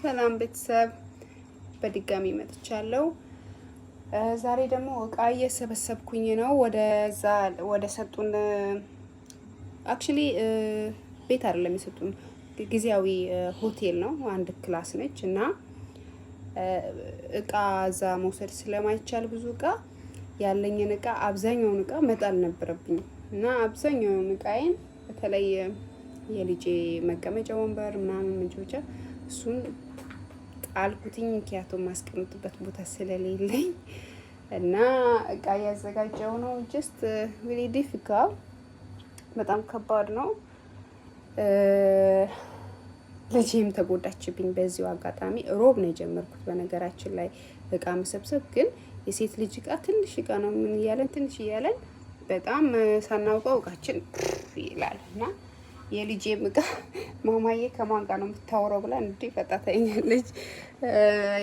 ሰላም ቤተሰብ፣ በድጋሚ መጥቻለሁ። ዛሬ ደግሞ እቃ እየሰበሰብኩኝ ነው። ወደዛ ወደ ሰጡን አክቹሊ ቤት አይደለም የሰጡን ጊዜያዊ ሆቴል ነው። አንድ ክላስ ነች እና እቃ እዛ መውሰድ ስለማይቻል ብዙ እቃ ያለኝን እቃ አብዛኛውን እቃ መጣል ነበረብኝ እና አብዛኛውን እቃዬን በተለይ የልጄ መቀመጫ ወንበር ምናምን ምንጭ እሱን ጣልኩትኝ። ምክንያቱ ማስቀምጥበት ቦታ ስለሌለኝ እና እቃ እያዘጋጀው ነው። ጀስት ሪሊ ዲፊካል በጣም ከባድ ነው። uh, ልጄም ተጎዳችብኝ በዚሁ አጋጣሚ። ሮብ ነው የጀመርኩት በነገራችን ላይ እቃ መሰብሰብ። ግን የሴት ልጅ እቃ ትንሽ እቃ ነው ምን እያለን ትንሽ እያለን በጣም ሳናውቀው እቃችን ይላል እና የልጄ ምቃ ማማዬ ከማን ጋር ነው የምታወራው ብላ እንዴ ፈጣ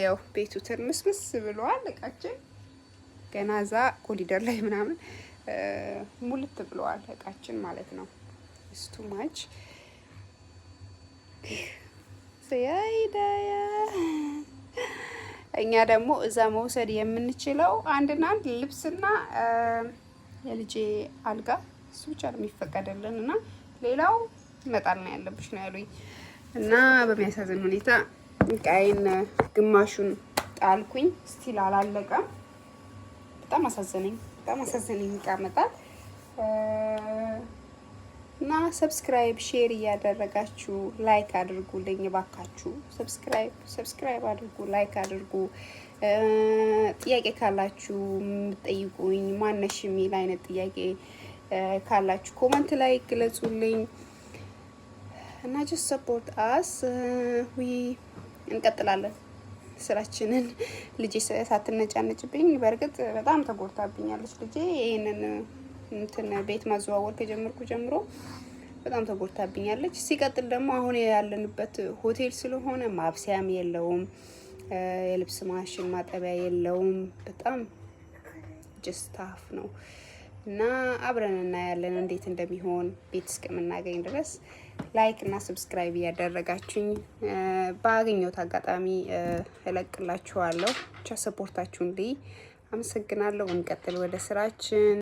ያው ቤቱ ትርምስምስ ብለዋል። እቃችን ገና እዛ ኮሊደር ላይ ምናምን ሙልት ብለዋል እቃችን ማለት ነው። እስቱ ማች ያይዳያ እኛ ደግሞ እዛ መውሰድ የምንችለው አንድና አንድ ልብስና የልጄ አልጋ እሱ ብቻ ነው የሚፈቀደልን እና ሌላው መጣል ነው ያለብሽ ነው ያሉኝ እና በሚያሳዝን ሁኔታ ቃይን ግማሹን ጣልኩኝ። ስቲል አላለቀም። በጣም አሳዘነኝ። በጣም አሳዘነኝ ቃ መጣል እና ሰብስክራይብ ሼር እያደረጋችሁ ላይክ አድርጉልኝ ባካችሁ። ሰብስክራይብ ሰብስክራይብ አድርጉ፣ ላይክ አድርጉ። ጥያቄ ካላችሁ የምትጠይቁኝ ማነሽ የሚል አይነት ጥያቄ ካላችሁ ኮመንት ላይ ግለጹልኝ እና ጀስት ሰፖርት አስ ዊ እንቀጥላለን ስራችንን። ልጄ ሳትነጫነጭብኝ። በእርግጥ በጣም ተጎድታብኛለች ልጄ ይህንን እንትን ቤት ማዘዋወር ከጀመርኩ ጀምሮ በጣም ተጎድታብኛለች። ሲቀጥል ደግሞ አሁን ያለንበት ሆቴል ስለሆነ ማብሰያም የለውም፣ የልብስ ማሽን ማጠቢያ የለውም። በጣም ታፍ ነው። እና አብረን እናያለን እንዴት እንደሚሆን ቤት እስከምናገኝ ድረስ ላይክ እና ሰብስክራይብ እያደረጋችሁኝ ባገኘሁት አጋጣሚ እለቅላችኋለሁ። ብቻ ሰፖርታችሁን ልይ። አመሰግናለሁ። እንቀጥል ወደ ስራችን።